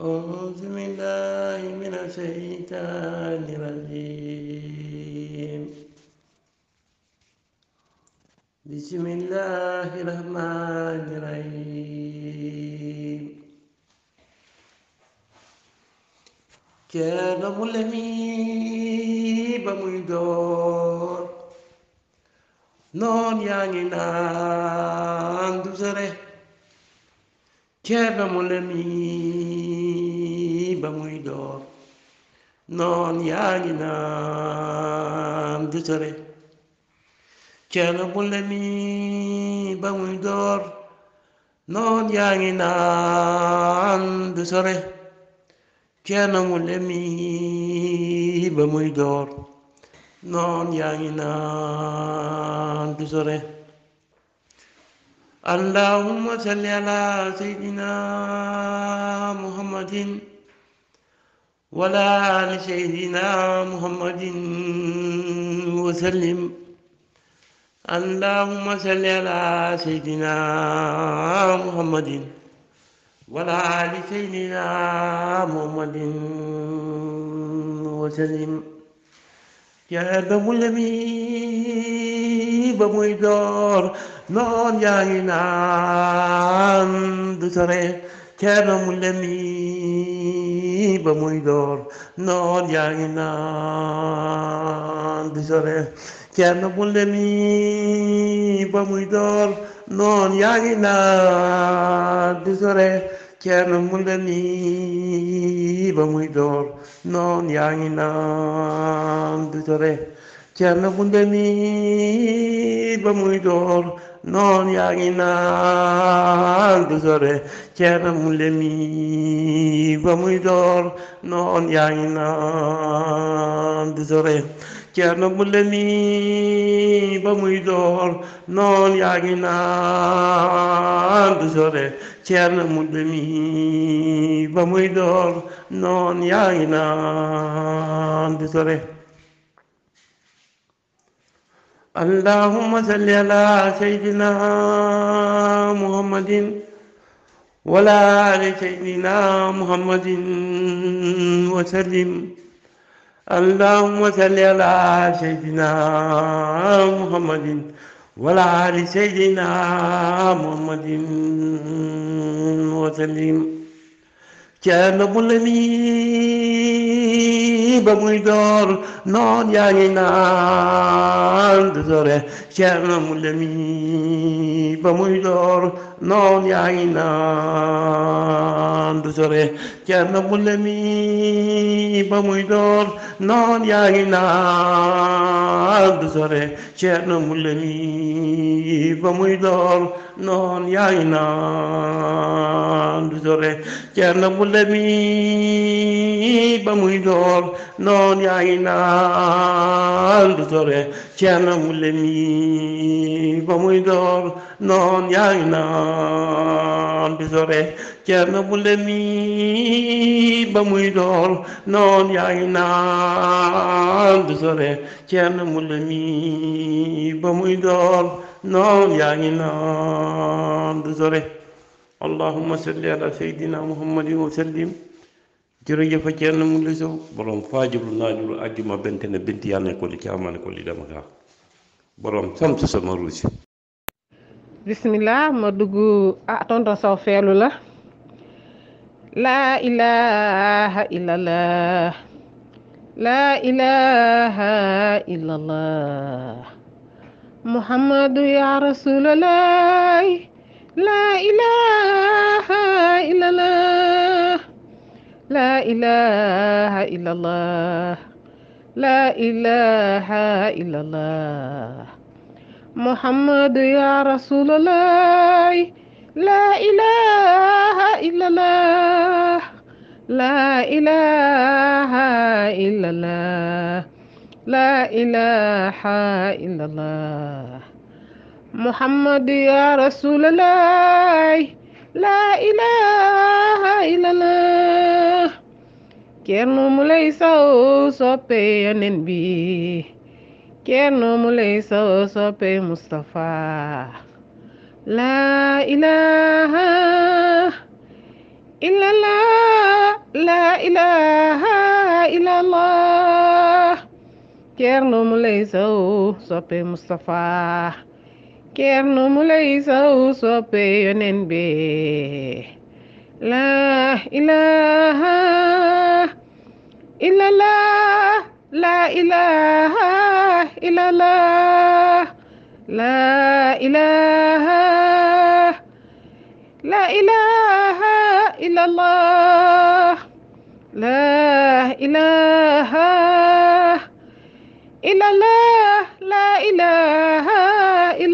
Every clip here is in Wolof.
أعوذ بالله من الشيطان الرجيم بسم الله الرحمن الرحيم كان ملمي بمجدور نون يعني نان دوزره ceerno mu lemi ba muy door noon yaa ngi naan du tëre mu lemi ba muy door noon yaa ngi naan du tëre mu lemi ba muy door noon yaa ngi naan du اللهم صل على سيدنا محمد ولا آل سيدنا محمد وسلم اللهم صل على سيدنا محمد ولا آل سيدنا محمد وسلم يا رب العالمين ba muy door noon yaa ngi naan du sore Ceerno Mulemi ba muy door noon yaa ngi naan du sore Ceerno Mulemi ba muy door noon yaa ngi naan du sore Ceerno Mulemi ba muy door noon yaa ngi naan du sore Ceerno Kunta mi ba muy door noon yaa ngi naan du sore Ceerno Kunta mi ba muy door noon yaa ngi naan du sore Ceerno Kunta mi ba muy door ngi naan mi ba muy door noon yaa ngi naan du sore اللهم صل على سيدنا محمد ولا آل سيدنا محمد وسلم اللهم صل على سيدنا محمد ولا آل سيدنا محمد وسلم كان بلني بمجدار نون يا ànd doore Ceerno mu lemi ba muy door noon du sore Ceerno mu lemi ba muy door noon yaa naan du sore Ceerno mu lemi ba muy door noon yaa naan muy na Ceerno bu ba muy door noon yaa ngi naan du doore Ceerno bu lemi ba muy door noon yaa naan du doore Ceerno bu lemi ba muy door noon yaa naan du doore allahuma salli ala seydina muhammadin wa sallim jërëjëfa ceenn mu li sow borom faajulu naajulu ajjuma bente ne binti yàlla ne ko li caamane ko li dama kaa borom sant sama ruusi bismillah ma dugg ah tonton saw feelu la laa ilaha illallah muhammadu ya rasulallah laa ilaha illallah laa ilaha illallah laa ilaha illallah muhammadu ya محمد يا رسول الله لا إله إلا الله كيرنو مولاي ساو سوبي نبي كيرنو مولاي ساو سوبي مصطفى لا إله إلا الله لا إله إلا الله كيرنو مولاي ساو سوبي مصطفى Ceerno Moulay Sow soppe yonen bi laa laa ilaaha laa ilaaha laa ilaaha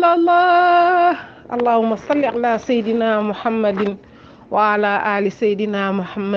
illallah allahumma salli ala sayyidina muhammadin wa ala ali sayyidina muhammad